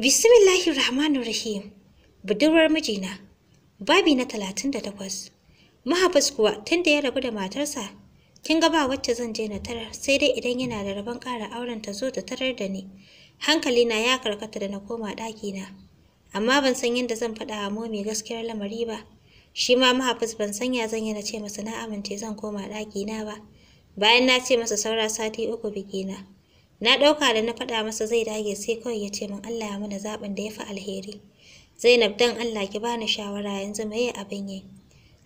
Bismillahir Rahmanir Rahim. Budurwar mijina. Babi na 38. Mahabas kuwa tunda ya rabu da matarsa, kin ga ba wacce zan je na tarar sai dai idan yana da rabon ƙara auren ta zo ta tarar da ni. Hankali na ya karkata da na koma ɗaki na. Amma ban san yadda zan faɗa wa momi gaskiyar lamari ba. Shi ma mahafis ban san ya zan yana ce masa na amince zan koma ɗaki na ba. Bayan na ce masa saura sati uku bikina. Na ɗauka da na faɗa masa zai dage sai kawai ya ce min Allah ya mana zabin da ya fi alheri. Zainab dan Allah ki bani shawara yanzu me abin yi.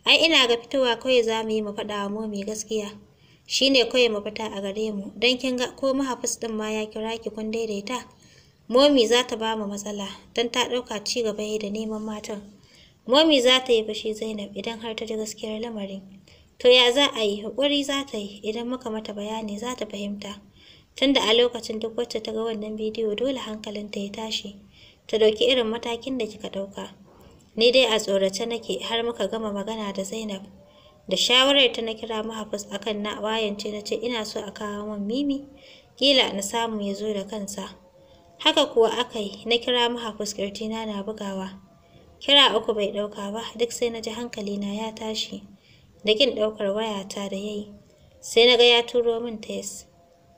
Ai ina ga fitowa kawai za mu yi mu faɗa wa momi gaskiya. Shi ne kawai fita a gare mu, don kin ga ko mahafis ɗin ma ya kira ki kun daidaita. Momi za ta ba mu matsala, don ta ɗauka ci gaba da neman matan. Momi za ta yi fashi Zainab idan har ta ji gaskiyar lamarin. To ya za a yi, haƙuri za ta yi, idan muka mata bayani za ta fahimta. Tunda a lokacin duk wacce ta ga wannan bidiyo dole hankalinta ya tashi, ta ɗauki irin matakin da kika ɗauka. Ni dai a tsorace nake har muka gama magana da Zainab. Da shawarar ta na kira mahafis akan na wayance na ce ina so a kawo min mimi, kila na samu ya zo da kansa. Haka kuwa aka na kira mahafis ƙirjina na bugawa. Kira uku bai ɗauka ba, duk sai na ji hankalina ya tashi. Da kin ɗaukar wayata da ya yi, sai na ga ya turo min test.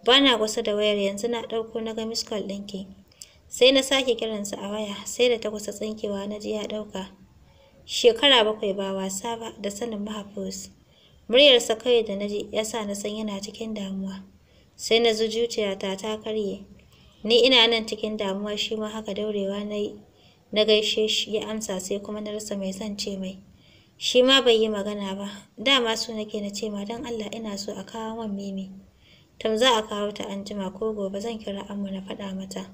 Bana kusa da wayar yanzu na ɗauko na ga miss call ɗinki. Sai na sake kiransa a waya sai da ta kusa tsinkewa na ji ya ɗauka. Shekara bakwai ba wasa ba da sanin mahaifus. Muryarsa kawai da na ji ya sa na san yana cikin damuwa. Sai na ji zuciyata ta karye. Ni ina nan cikin damuwa shi ma haka daurewa na Na gaishe shi ya amsa sai kuma na rasa mai son ce mai. Shi ma bai yi magana ba. Dama su nake na ce ma don Allah ina so a kawo man mimi. Tam za a kawo ta anjima ko gobe zan kira Amma na faɗa mata.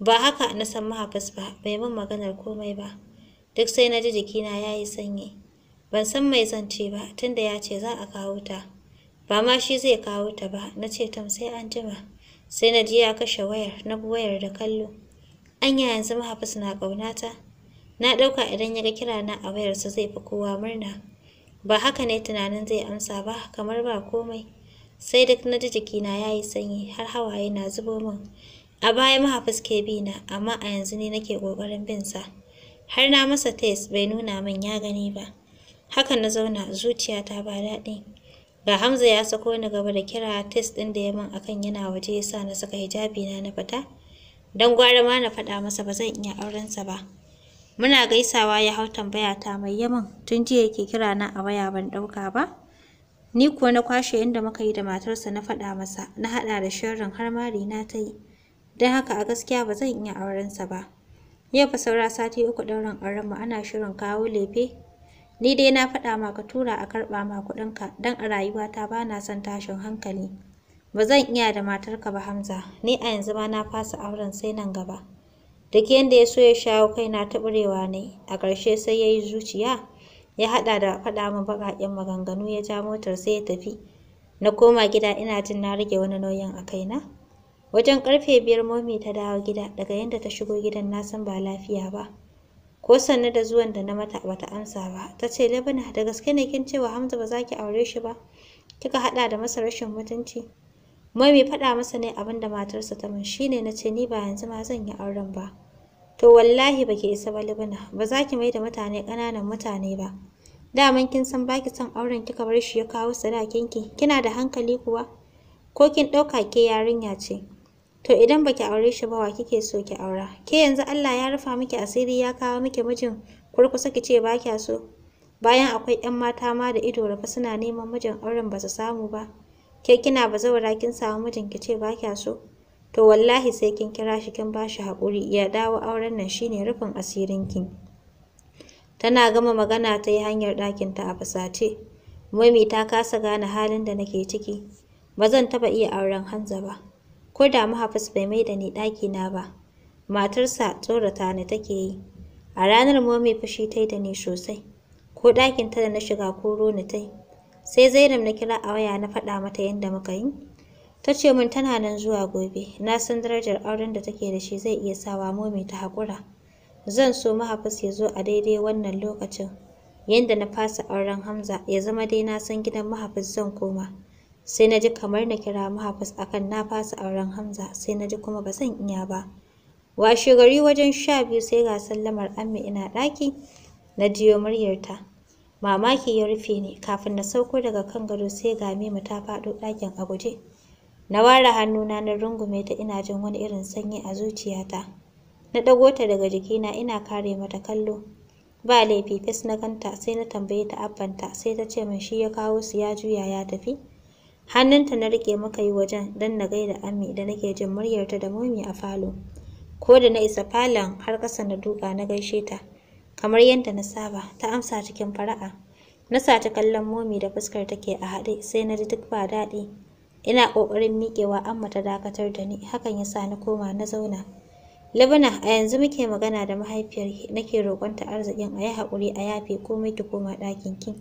Ba haka na san mahaifis ba, bai min maganar komai ba. Duk sai na ji jikina ya yi sanyi. Ban san mai zan ce ba, tunda ya ce za a kawo ta. Ba ma shi zai kawo ta ba, na ce tam sai anjima. Sai na ji ya kashe wayar, na bi wayar da kallo. Anya yanzu mahaifis na ƙaunata. Na ɗauka idan ya ga kirana a wayarsa zai fi kowa murna. Ba haka ne tunanin zai amsa ba, kamar ba komai. sai duk na ji jikina ya yi sanyi har hawaye na zubo min a baya mahafis ke bi na amma a yanzu ne nake ƙoƙarin bin sa har na masa test bai nuna min ya gani ba haka na zauna zuciya ta ba daɗi ga Hamza ya sako ni gaba da kira test ɗin da ya min akan yana waje ya sa na saka hijabi na na fita don gwara ma na faɗa masa ba zan iya aurensa ba muna gaisawa ya hau tambaya mai yamin tun jiya yake kira na a waya ban ɗauka ba Ni kuwa na kwashe inda muka yi da matarsa na faɗa masa, na haɗa da shirin, har mari na ta yi. Don haka a gaskiya ba zan iya aurensa ba. Yau fa saura sati uku ɗaurin mu, ana shirin kawo lefe. Ni dai na faɗa ma ka tura a karɓa ma kuɗinka don a rayuwata ba na son tashin hankali. Ba zan iya da matarka ba Hamza, ni a yanzu ma na fasa auren sai nan gaba. Duk yanda ya so ya shawo kaina taɓurewa ne, a ƙarshe sai ya yi zuciya. ya haɗa da faɗa min baƙaƙen maganganu ya ja motar sai ya tafi na koma gida ina jin na rage wani nauyin a kaina wajen ƙarfe biyar momi ta dawo gida daga yadda ta shigo gidan na san ba lafiya ba ko sannu da zuwan da na mata bata amsa ba ta ce labana da gaske ne kin cewa hamza ba za ki aure shi ba kika haɗa da masa rashin mutunci momi faɗa masa ne abinda da matarsa ta min shine na ce ni ba yanzu ma zan yi auren ba to wallahi baki isa ba libina ba za ki mai da mutane ƙananan mutane ba daman kin san baki son auren kika bar shi ya kawo sadakin ki kina da hankali kuwa ko kin ɗauka ke yarinya ce to idan baki aure shi ba wa kike so ki aura ke yanzu Allah ya rufa miki asiri ya kawo miki mijin kurkusa ki ce ba kya so bayan akwai 'yan mata ma da ido rufe suna neman mijin auren ba su samu ba ke kina ba zaura kin samu mijin ki ce ba kya so to wallahi sai kin kira shi kin ba shi haƙuri ya dawo auren nan shine rufin ki. tana gama magana ta yi hanyar ɗakinta a fasace mami ta kasa gane halin da nake ciki ba zan taɓa iya auren hanza ba ko da mahafis bai mai da ni ɗakina ba matarsa tsorata ne take yi a ranar mami fushi ta yi da ni sosai ko ɗakinta da na shiga ko ni ta yi sai zainab na kira a waya na faɗa mata yadda muka yi Ta ce min tana nan zuwa gobe, na san darajar auren da take da shi zai iya sawa momi ta haƙura. Zan so mahafis ya zo a daidai wannan lokacin. Yanda na fasa auren Hamza ya zama dai na san gidan mahafis zan koma. Sai na ji kamar na kira mahafis akan na fasa auren Hamza sai na ji kuma ba zan iya ba. Washe gari wajen sha biyu sai ga sallamar Amma ina ɗaki na jiyo muryarta. Mamaki ya rufe ni kafin na sauko daga kan gado sai ga mimu ta faɗo ɗakin a guje. Na ware hannuna na rungume ta ina jin wani irin sanyi a zuciyata. Na ɗago ta daga jikina ina kare mata kallo. Ba laifi fes na kanta sai na tambaye ta abbanta sai ta ce min shi ya kawo su ya juya ya tafi. Hannunta na rike muka yi wajen don na gaida Ami da nake jin muryarta da momi a falo. Ko da na isa falon har kasa na duka na gaishe ta. Kamar yadda na saba ta amsa cikin fara'a. Na saci kallon momi da fuskar take a haɗe sai na ji duk ba daɗi. Ina ƙoƙarin miƙewa amma ta dakatar da ni, hakan ya sa na koma na zauna. Libna, a yanzu muke magana da mahaifiyar nake roƙonta arzikin a yi haƙuri a yafe komai ki koma ɗakin ki.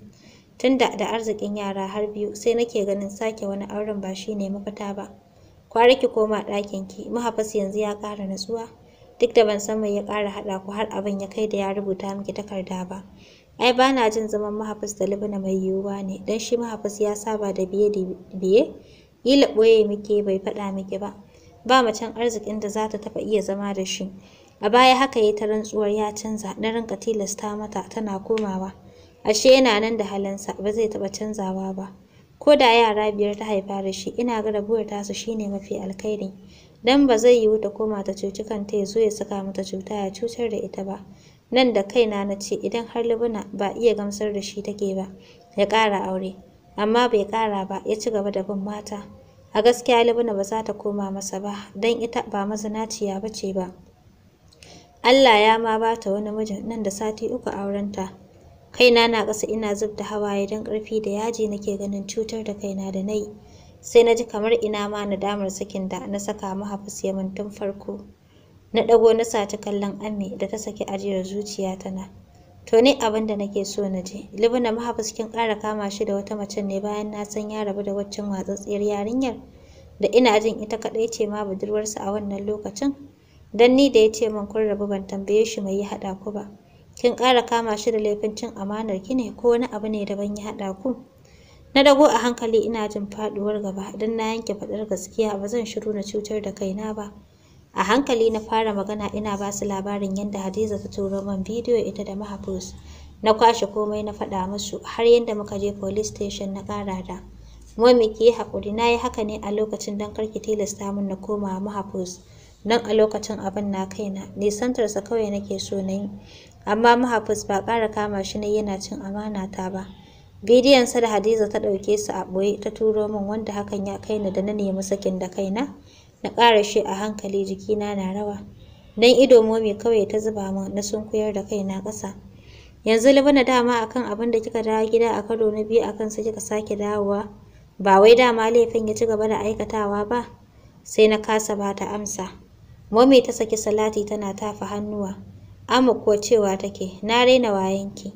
Tunda da arzikin yara har biyu sai nake ganin sake wani auren ba shi ne mafita ba. Kwara ki koma ɗakin ki, mahafas yanzu ya ƙara natsuwa. Duk da ban san mai ya ƙara haɗa ku har abin ya kai da ya rubuta miki takarda ba. Ai ba na jin zaman mahafas da libna mai yiwuwa ne, don shi mahafas ya saba da biye-biye kila ɓoye muke bai faɗa miki ba ba macen arzikin da za ta taɓa iya zama da shi a baya haka ya ta rantsuwar ya canza na rinka tilasta mata tana komawa ashe yana nan da halansa ba zai taɓa canzawa ba ko da yara biyar ta haifa da shi ina ga rabuwar tasu shine mafi alkhairi dan ba zai yiwu ta koma ta cuci kanta ya zo ya saka mata cuta ya cutar da ita ba nan da kaina na ce idan har libuna ba iya gamsar da shi take ba ya ƙara aure amma bai ƙara ba ya ci gaba da bin mata a gaskiya libna ba za ta koma masa ba don ita ba mazinaciya ba ce ba Allah ya ma ba ta wani mijin nan da sati uku aurenta kaina na ƙasa ina zub da hawaye don ƙarfi da yaji nake ganin cutar da kaina da nai sai na ji kamar ina ma na damar sakin da na saka mahafis yamin tun farko na ɗago na sati kallon ame da ta saki ajiyar zuciya tana To ni abin da nake so na je. Libna mahabus kin ƙara kama shi da wata macen ne bayan na san ya rabu da waccan watsatsiyar yarinyar da ina jin ita kaɗai ce ma budurwarsa a wannan lokacin. Don ni da ya ce min kun rabu ban tambaye shi mai yi haɗa ku ba. Kin ƙara kama shi da laifin cin amanar ki ne ko wani abu ne daban ya haɗa ku. Na dago a hankali ina jin faɗuwar gaba don na yanke faɗar gaskiya ba zan shiru na cutar da kaina ba. A hankali na fara magana ina ba su labarin yadda Hadiza ta turo man bidiyo ita da mahafuz. Na kwashe komai na faɗa musu har yadda muka je police station na ƙara da. Momi ki yi haƙuri na yi haka ne a lokacin don karki tilasta min na koma mahafuz. Don a lokacin abin na kaina nisantarsa kawai nake so na yi. Amma mahafuz ba ƙara kama shi ne yana cin amana ta ba. bidiyonsa da Hadiza ta ɗauke su a ɓoye ta turo min wanda hakan ya kaina da na nemi sakin da kaina. Na ƙara shi a hankali jikina na rawa. Dan ido momi kawai ta zuba min na sunkuyar da kaina ƙasa. Yanzu libana dama akan abin da kika dawo gida a karo na biyu akan sa kika sake dawowa. Ba wai dama laifin ya ci gaba da aikatawa ba. Sai na kasa ba ta amsa. Momi ta saki salati tana tafa hannuwa. Amma ko cewa take, na raina wayanki.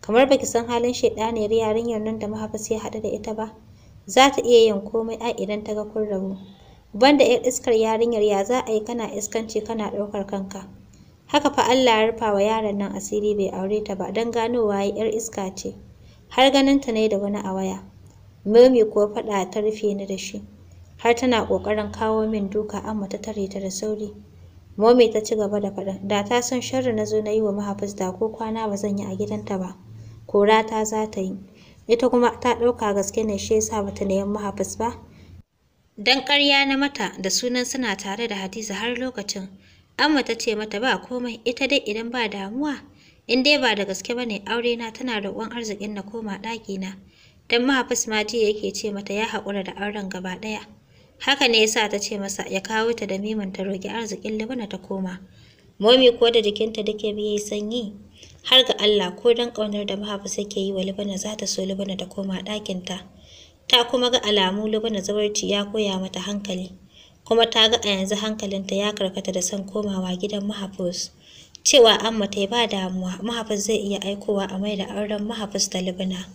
Kamar baki san halin shaidaniyar yarinyar nan da mahaifa sai haɗu da ita ba. Za ta iya yin komai a idan ta ga kun rabu. banda yar iskar yarinyar ya za a yi kana iskanci kana ɗaukar kanka haka fa Allah ya rufa wa yaron nan asiri bai aure ta ba don ganowa ya yar iska ce har ganin ta ne da wani a waya Mami kuwa faɗa ta rufe ni da shi har tana ƙoƙarin kawo min duka amma ta tare ta da sauri Mami ta ci gaba da faɗin, da ta san sharri na zo na yi wa mahaifis da ko kwana ba zan yi a gidanta ba, kora ta za ta yi. Ita kuma ta ɗauka gaske ne shi yasa ba ta nemi mahaifis ba, Dan ƙarya na mata da sunan suna tare da Hadiza har lokacin. Amma ta ce mata ba komai ita dai idan ba damuwa. In dai ba da gaske bane aure na tana roƙon arzikin na koma ɗaki na. Dan mahafis ma jiya yake ce mata ya haƙura da auren gaba ɗaya. Haka ne yasa ta ce masa ya kawo ta da mimin ta roƙi arzikin libana ta koma. Momi ko da jikinta dake biye sanyi. Har ga Allah ko dan ƙaunar da mahafis yake yi wa libana za ta so libana ta koma ɗakinta. ta. ta kuma ga alamu lubuna zawarci ya koya mata hankali, kuma ta ga a yanzu hankalinta ya karkata da son komawa gidan mahafus Cewa amma ta ba damuwa, mahafus zai iya aikowa a mai da auren mahafus da Lubna.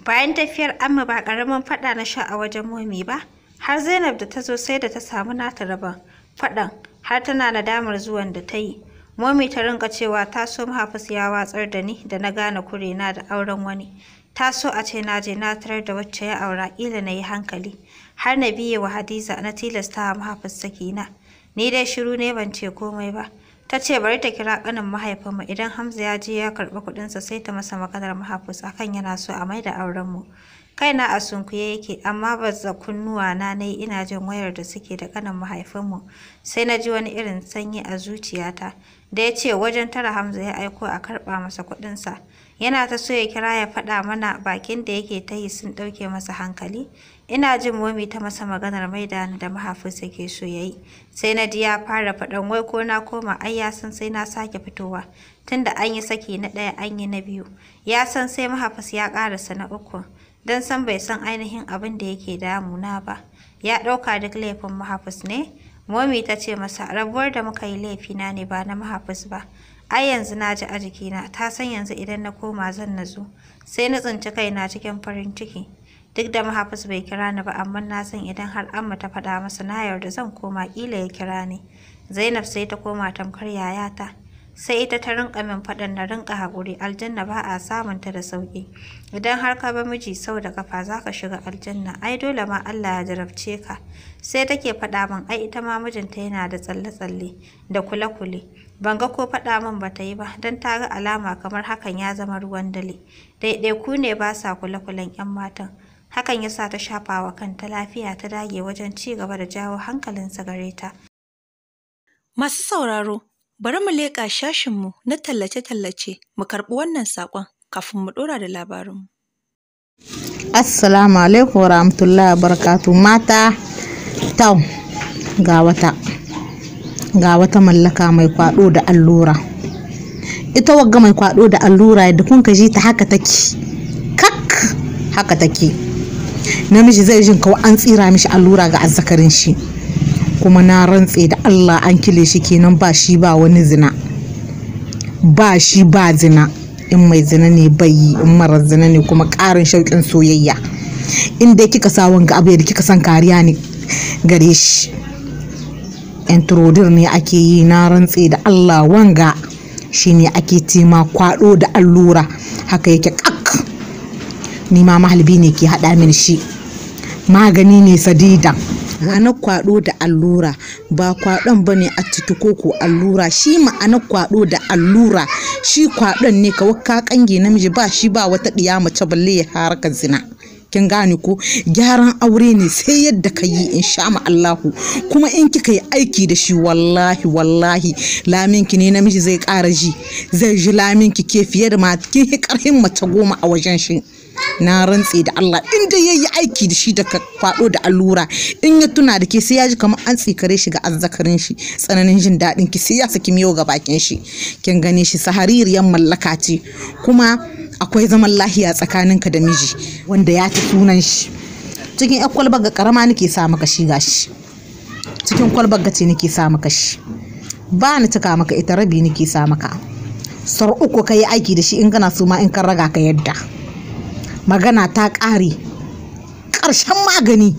Bayan tafiyar amma ba ƙaramin faɗa na sha a wajen momi ba, har Zainab da ta zo sai da ta samu nata rabon faɗan har tana nadamar zuwan da ta yi. Momi ta rinka cewa ta so mahafus ya watsar da ni da na gane kure na da auren wani. ta so a ce na je na tarar da wacce ya aura ila na yi hankali har na biye wa hadiza na tilasta wa mahaifin sakina ni dai shiru ne ban ce komai ba ta ce bari ta kira kanin mahaifinmu idan hamza ya je ya karɓi kuɗinsa sai ta masa maganar mahaifus akan yana so a mai maida aurenmu kaina a sunkuye yake amma ba za kunnuwa na nayi ina jin wayar da suke da kanin mu sai na ji wani irin sanyi a zuciyata da ya ce wajen tara hamza ya aiko a karɓa masa kuɗinsa yana ta so ya kira ya faɗa mana bakin da yake ta yi sun ɗauke masa hankali ina jin momi ta masa maganar maida ni da mahaifinsa ke so ya yi sai na ji ya fara faɗan wai ko na koma ai ya san sai na sake fitowa tunda an yi saki na ɗaya an yi na biyu ya san sai mahaifis ya ƙarasa na uku don san bai san ainihin abin da yake damuna ba ya ɗauka duk laifin mahaifis ne momi ta ce masa rabuwar da muka yi laifina ne ba na mahaifis ba ai yanzu na ji a jikina ta san yanzu idan na koma zan zo sai na tsinci kaina cikin farin ciki duk da mahafis bai kira ni ba amma na san idan har amma ta faɗa masa na yarda zan koma ƙila ya kira ni zainab sai ta koma tamkar yayata sai ita ta rinka min faɗan na rinka haƙuri aljanna ba a samun ta da sauƙi idan har ka ba miji sau da kafa za ka shiga aljanna ai dole ma Allah ya jarabce ka sai take faɗa min ai ita ma mijinta yana da tsalle-tsalle da kule-kule ban ga ko faɗa min ba ta yi ba don ta ga alama kamar hakan ya zama ruwan dale. daidai ku ne ba sa kula-kulan 'yan matan hakan ya sa ta shafa wa kanta lafiya ta dage wajen ci gaba da jawo hankalinsa gare ta masu sauraro bari mu leƙa shashinmu na tallace-tallace mu karɓi wannan saƙon kafin mu ɗora da labarinmu assalamu alaikum wa rahmatullahi mata tau ga wata ga wata mallaka mai kwado da allura ita wagga mai kwado da allura yadda kun ka ji ta haka take kak haka take namiji zai jin kawai an tsira mishi allura ga azzakarin shi kuma na rantse da allah an kile shi kenan ba shi ba wani zina ba shi ba zina in mai zina ne bai yi in marar zina ne kuma karin shauƙin soyayya in kika sa wanga abu yadda kika san kariya ne gare shi introdir ne ake yi na rantse da allah wanga Shi ne ake tima kwado da allura haka yake kak ni ma mahalbi ne ke hada min shi magani ne sadida ma'anar kwado da allura ba kwadon bane a ko ko allura shi ma'anar kwado da allura shi kwadon ne ka kange namiji ba shi ba wata ɗiya mace balle ya harkar zina kin gane ko gyaran aure ne sai yadda ka yi in sha Allahu kuma in kika yi aiki da shi wallahi wallahi laminki ne namiji zai ƙara ji zai ji laminki ke fiye da ma kin karhin mace goma a wajen shi na rantse da Allah in dai yayi aiki da shi daga kwado da allura in ya tuna da ke sai ya ji kamar an tsikare shi ga azzakarin shi tsananin jin daɗin ki sai ya saki miyo ga bakin shi kin gane shi sahaririyar mallaka ce kuma akwai zaman lahiya tsakaninka da miji wanda ya ci sunan shi cikin yan kwalbar ga karama nake sa maka shi gashi cikin kwalbar ga ce nake sa maka shi ba ni tuka maka ita rabi nake sa maka sar uku ka aiki da shi in kana so ma in kan raga ka yadda magana ta ƙare ƙarshen magani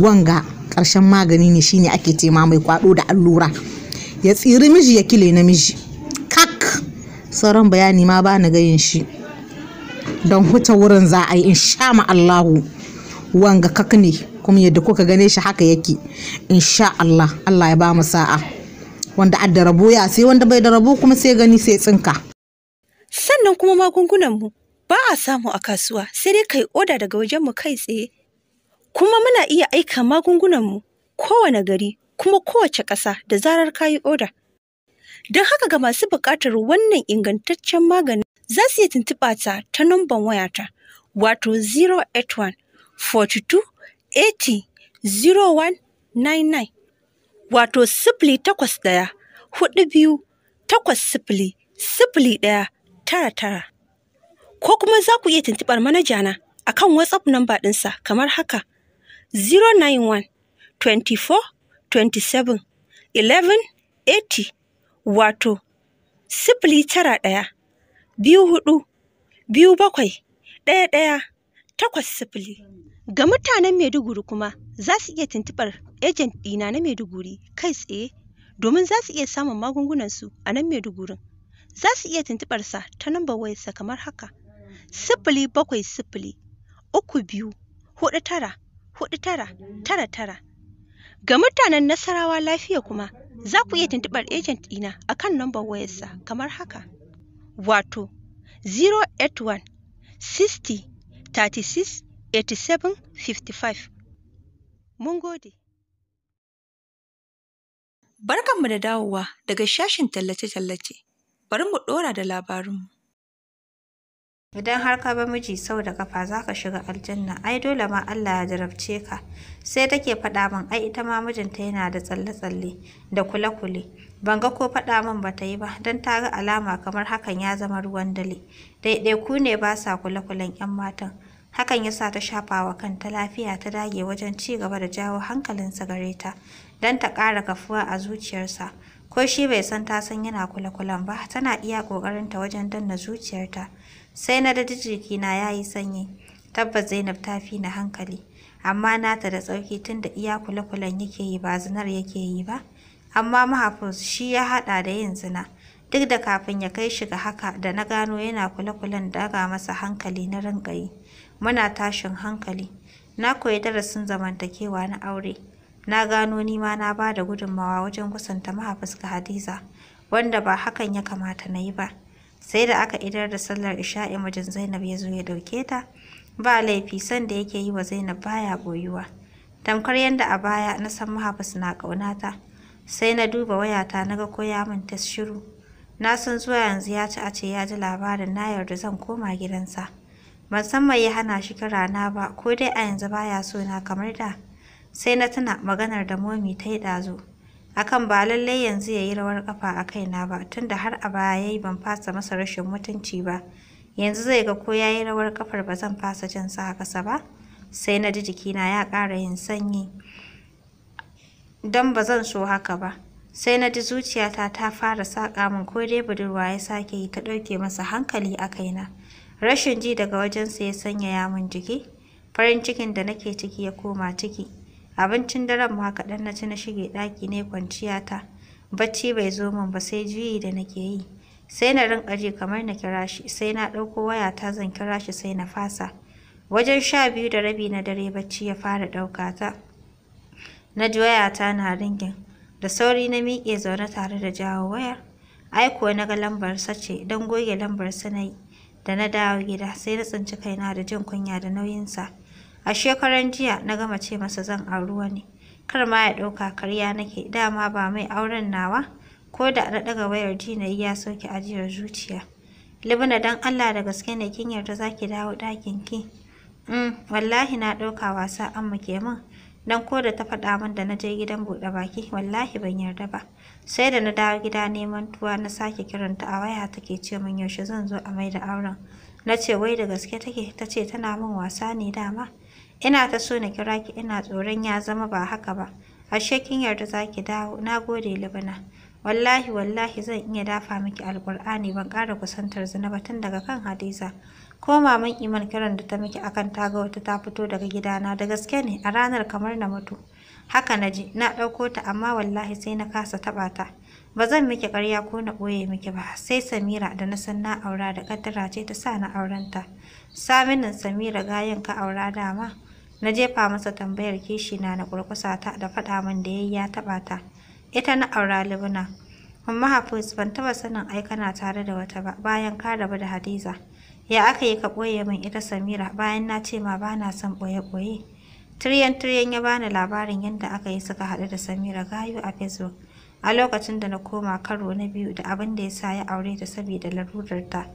wanga karshen magani ne shine ake tema mai kwado da allura ya tsiri miji ya kile namiji kak sauran bayani ma ba na gayin shi don huta wurin za a yi in sha Allahu wanga kak ne kuma yadda kuka gane shi haka yake in sha Allah Allah ya ba mu sa'a wanda adda rabo ya sai wanda bai da rabo kuma sai gani sai tsinka sannan kuma magungunan mu ba a samu a kasuwa sai dai kai oda daga wajen mu kai tsaye kuma muna iya aika magungunan mu kowane gari kuma kowace ƙasa da zarar kayi oda don haka ga masu buƙatar wannan ingantaccen magani za su iya tuntuɓa ta ta numban wayata wato 081 42 80 0199 wato sifili takwas ɗaya hudu biyu takwas sifili sifili ɗaya tara tara ko kuma za ku iya tuntuɓar manajana a kan whatsapp namba ɗinsa kamar haka 091 24 27 11 80 wato sifili tara ɗaya biyu hudu biyu bakwai ɗaya ɗaya takwas sifili. Ga mutanen Maiduguri kuma za su iya tuntuɓar ejent ɗina na Maiduguri kai tsaye domin za su iya samun magungunansu a nan Maidugurin. Za su iya sa ta nambar wayarsa kamar haka. Sifili bakwai sifili uku biyu hudu tara hudu tara tara tara. Ga mutanen Nasarawa lafiya kuma za ku iya tuntuɓar ejent ɗina a kan nambar wayarsa kamar haka. wato 081 60 36 87 55. Mun gode. Barkanmu da dawowa daga shashin tallace-tallace, bari mu ɗora da labarinmu. Idan har ka ba miji sau da kafa za ka shiga aljanna, ai dole ma Allah ya jarabce ka. Sai take faɗa min ai ita ma mijinta yana da tsalle-tsalle da kule-kule. ban ga ko faɗa min ba ta yi ba don ta ga alama kamar hakan ya zama ruwan dare ku ne ba sa kula-kulan 'yan matan hakan ya sa ta shafa wa kanta lafiya ta dage wajen ci gaba da jawo hankalinsa gare ta don ta ƙara kafuwa a zuciyarsa ko shi bai san ta san yana kula-kulan ba tana iya ƙoƙarinta wajen danna zuciyarta sai na da na ya yi sanyi tabbas zainab ta fi na hankali amma nata da tsauki tunda iya kula-kulan yake yi ba zinar yake yi ba amma mahaifin shi ya haɗa da yin zina duk da kafin ya kai shi ga haka da na gano yana kule-kulen daga masa hankali na rangayi muna tashin hankali na koyi darasin zamantakewa na aure na gano ni ma na ba da gudunmawa wajen kusanta mahaifis ga hadiza wanda ba hakan ya kamata na yi ba sai da aka idar da sallar isha'i mijin zainab ya zo ya dauke ta ba laifi sanda da yake yi wa zainab baya boyuwa tamkar yadda a baya na san mahaifis na ƙaunata sai na duba wayata na ga ko ya min tas shiru na san zuwa yanzu ya ci a ce ya ji labarin na yarda zan koma gidansa ban san mai ya hana shi kira na ba ko dai a yanzu baya so na kamar da sai na tuna maganar da momi ta yi ɗazu akan ba lallai yanzu ya yi rawar kafa a kaina ba tunda har a baya yayi ban fasa masa rashin mutunci ba yanzu zai ga ko ya yi rawar kafar ba zan fasa jin sa ba sai na ji jikina ya ƙara yin sanyi don ba zan so haka ba. Sai na ji zuciyata ta fara saƙa min ko dai budurwa ya sake yi ta ɗauke masa hankali a kaina. Rashin ji daga wajensa ya sanyaya min jiki, farin cikin da nake ciki ya koma ciki. Abincin daren ma kaɗan na ci na shige ɗaki ne kwanciyata. Bacci bai zo min ba sai juyi da nake yi. Sai na rinƙa ji kamar na kira shi, sai na ɗauko waya ta zan kira shi sai na fasa. Wajen sha biyu da rabi na dare bacci ya fara ɗauka ta. Na ji wayata na ringin. Da sauri na miƙe zaune tare da jawo waya Aiko na ga lambar sace don goge lambar sanayi Da na dawo gida sai na tsinci kaina da jin kunya da nauyinsa. A shekaran jiya na gama ce masa zan auruwa ne. Kar ma ya ɗauka karya nake dama ba mai auren nawa. Ko da na ɗaga wayar ji na yi ya sauke ajiyar zuciya. Libna don Allah da gaske ne kin yarda za ki dawo ɗakin ki. Mm, wallahi na ɗauka wasa amma ke min. don ko da ta faɗa min da na je gidan buɗe baki wallahi ban yarda ba sai da na dawo gida neman tuwa na sake kiranta a waya take ce min yaushe zan zo a mai da auren na ce wai da gaske take ta ce tana min wasa ne dama ina ta so na kira ki ina tsoron ya zama ba haka ba ashe kin yarda zaki dawo na gode libana wallahi wallahi zan iya dafa miki alƙur'ani ban ƙara kusantar zina ba tun daga kan hadiza ko maman iman kiran da ta miki akan ga wata ta fito daga gidana da gaske ne a ranar kamar na mutu haka na ji na ɗauko ta amma wallahi sai na kasa taɓa ta ba zan miki ƙarya ko na ɓoye miki ba sai samira da na san na aura da ƙaddara ce ta sa na aurenta saminin samira gayan ka aura dama na jefa masa tambayar kishi na na kurkusa ta da faɗa min da yayi ya taɓa ta ita na aura libna amma hafiz ban taɓa sanin ai kana tare da wata ba bayan ka rabu da hadiza ya aka yi ka ɓoye min ita samira bayan na ce ma ba na son ɓoye-ɓoye tiriyan tiriyan ya bani labarin yadda aka yi suka haɗu da samira gayu a facebook a lokacin da na koma karo na biyu da abin da ya sa ya aure ta saboda larurarta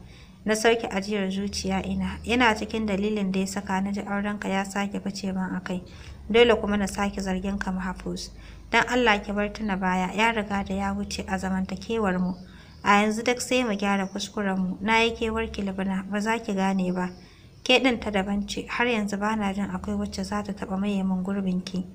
na sauke ajiyar zuciya ina yana cikin dalilin da ya saka na ji aurenka ya sake fice man a kai dole kuma na sake zargin ka mahafuz don allah ki bar tuna baya ya riga da ya wuce a zamantakewar mu a yanzu duk sai mu gyara kuskurenmu na yi kewar kilibina ba za ki gane ba ke ɗin ta daban ce har yanzu ba na jin akwai wacce za ta taɓa maye min ki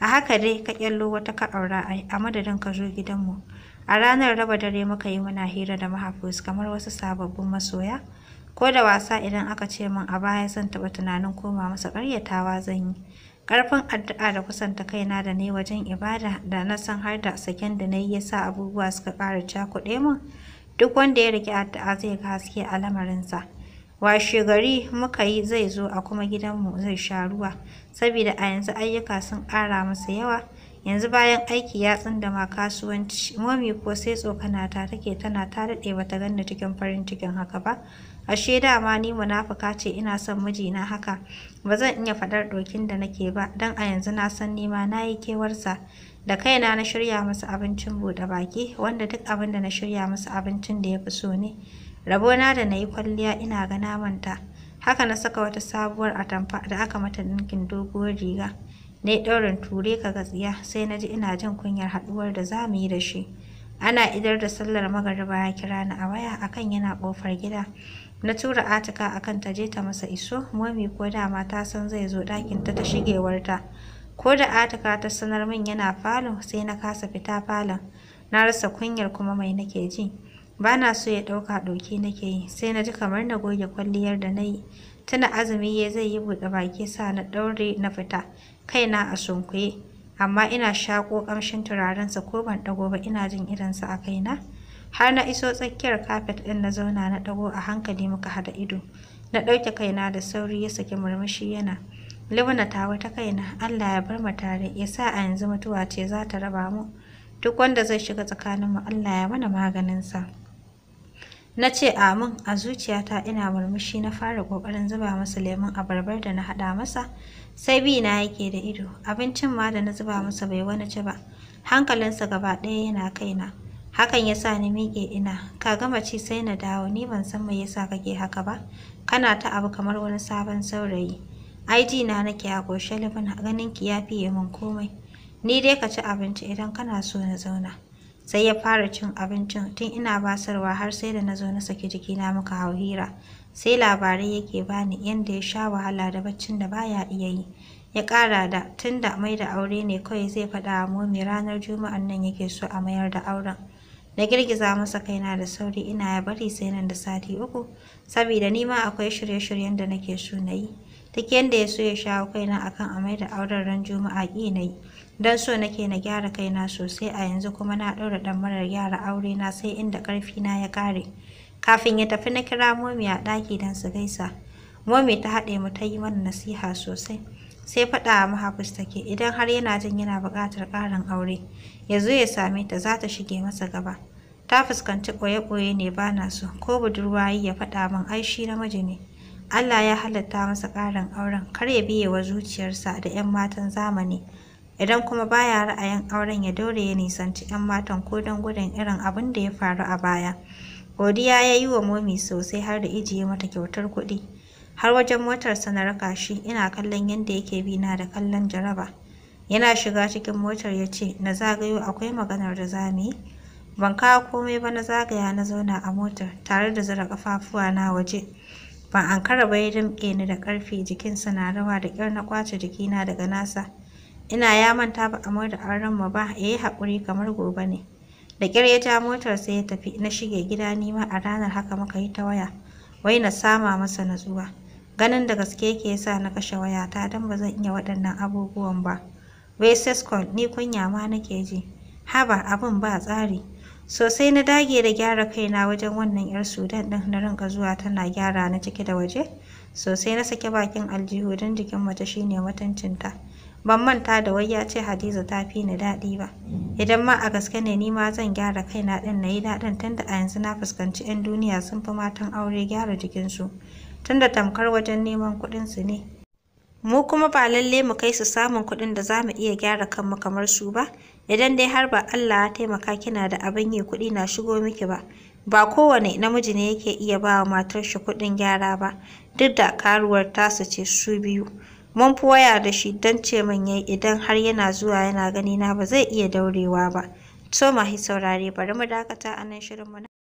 a haka dai ka ƙyallo wata ka aura a madadin ka zo gidanmu a ranar raba dare muka yi muna hira da mahafuz kamar wasu sababbin masoya ko da wasa idan aka ce min a baya zan taɓa tunanin koma masa ƙaryatawa zan yi Ƙarfin addu'a da kusanta kaina da ne wajen ibada da na san har da saken da na yi ya sa abubuwa suka ƙara cakuɗe mun. Duk wanda ya riƙe addu'a zai ga haske a lamarinsa. Washe gari muka yi zai zo a kuma gidanmu zai sha ruwa, saboda a yanzu ayyuka sun ƙara masa yawa. Yanzu bayan aiki ya ma kasuwanci, momi ko sai tsokanata take tana ta daɗe bata ganni cikin farin cikin haka ba. ashe dama ni munafuka ce ina son mijina haka ba zan iya faɗar dokin da nake ba don a yanzu na san nima na yi kewarsa da kaina na shirya masa abincin buɗe baki wanda duk abin da na shirya masa abincin da ya fi so ne rabona da na yi kwalliya ina ga namanta haka na saka wata sabuwar atamfa da aka mata ɗinkin doguwar riga na yi ɗaurin ture ka gatsiya sai na ji ina jin kunyar haɗuwar da za mu yi da shi ana idar da sallar magariba ya kira ni a waya akan yana ƙofar gida na tura atika akan ta je ta masa iso momi ko dama ta san zai zo ɗakin ta ta shigewarta ko da atika ta sanar min yana falo sai na kasa fita falon na rasa kunyar kuma mai nake ji ba na so ya ɗauka ɗauki nake yi sai na ji kamar na goge kwalliyar da na yi tuna azumi ya zai yi buɗe baki sa na ɗaure na fita kaina a sunkuye amma ina shaƙo ƙamshin turarensa ko ban ɗago ba ina jin irinsa a kaina har na iso tsakiyar kafet ɗin na zauna na ɗago a hankali muka haɗa ido na ɗauke kaina da sauri ya saki murmushi yana libna ta wata kaina allah ya bar mu tare ya sa a yanzu mutuwa ce za ta raba mu duk wanda zai shiga tsakaninmu allah ya mana maganinsa na ce amin a zuciyata ina murmushi na fara ƙoƙarin zuba masa lemun abarbar da na haɗa masa sai bi na yake da ido abincin ma da na zuba masa bai wani ci ba hankalinsa gaba ɗaya yana kaina hakan ya sa ni miƙe ina ka gama ci sai na dawo ni ban san me yasa kake haka ba kana ta abu kamar wani sabon saurayi ID na nake a goshe lifin ganin ki ya fiye min komai ni dai ka ci abinci idan kana so na zauna sai ya fara cin abincin tun ina basarwa har sai da na zo na saki jiki na muka hau hira sai labarai yake bani yadda ya sha wahala da baccin da baya iya yi ya ƙara da tun da mai da aure ne kawai zai faɗa wa momi ranar juma'an nan yake so a mayar da auren na girgiza masa kaina da sauri ina ya bari sai nan da sati uku saboda ni ma akwai shirye-shiryen da nake so na yi duk yanda ya so ya shawo kaina akan a maida auren ran juma'a ƙi na yi don so nake na gyara kaina sosai a yanzu kuma na ɗaura marar gyara aure na sai inda ƙarfi na ya ƙare kafin ya tafi na kira momi a ɗaki don su gaisa momi ta haɗe mu ta yi mana nasiha sosai sai faɗa a mahafis take idan har yana jin yana buƙatar ƙarin aure ya zo ya same ta za ta shige masa gaba ta fuskanci ɓoye-ɓoye ne ba na so ko budurwa ya faɗa min ai shi namiji ne Allah ya halatta masa ƙarin auren kar ya biye wa zuciyarsa da 'yan matan zamani idan kuma baya ra'ayin auren ya daure ya nisanci 'yan matan ko don gudun irin abin da ya faru a baya godiya ya yi wa momi sosai har da ijiye mata kyautar kuɗi har wajen motarsa na raka shi ina kallon yadda yake bi na da kallon jaraba yana shiga cikin motar ya ce na zagayo akwai maganar da za mu yi ban kawo komai ba na zagaya na zauna a motar tare da zura kafafuwa na waje ban ankara ba ya damƙe ni da ƙarfi jikinsa na rawa da ƙyar na kwace jikina daga nasa ina ya manta ba a da an mu ba ya yi haƙuri kamar gobe ne da ƙyar ya ja motar sai ya tafi na shige gida nima a ranar haka muka yi ta waya wai na sama masa natsuwa ganin da gaske ke sa na kashe wayata don ba zan iya waɗannan abubuwan ba Vases call ni kunya ma nake ji haba abin ba tsari sosai na dage da gyara kaina wajen wannan yar sudan ɗin na rinka zuwa tana gyara na ciki da waje sosai na sake bakin aljihu don jikin mace shine mutuncinta ban manta da wai ya ce hadiza ta fi ni daɗi ba idan ma a gaske ne ni ma zan gyara kaina ɗin na yi daɗin tunda a yanzu na fuskanci 'yan duniya sun fi matan aure gyara jikinsu tun da tamkar wajen neman kuɗinsu ne. Mu kuma ba lalle mu kai su samun kuɗin da za mu iya gyara kanmu kamar su ba, idan dai har ba Allah ya taimaka kina da abin yi kuɗi na shigo miki ba. Ba kowane namiji ne yake iya ba wa matar shi kuɗin gyara ba, duk da karuwar tasu ce su biyu. Mun fi waya da shi don ce man yayi idan har yana zuwa yana gani na ba zai iya daurewa ba. soma mahi saurare bari mu dakata a nan shirinmu na.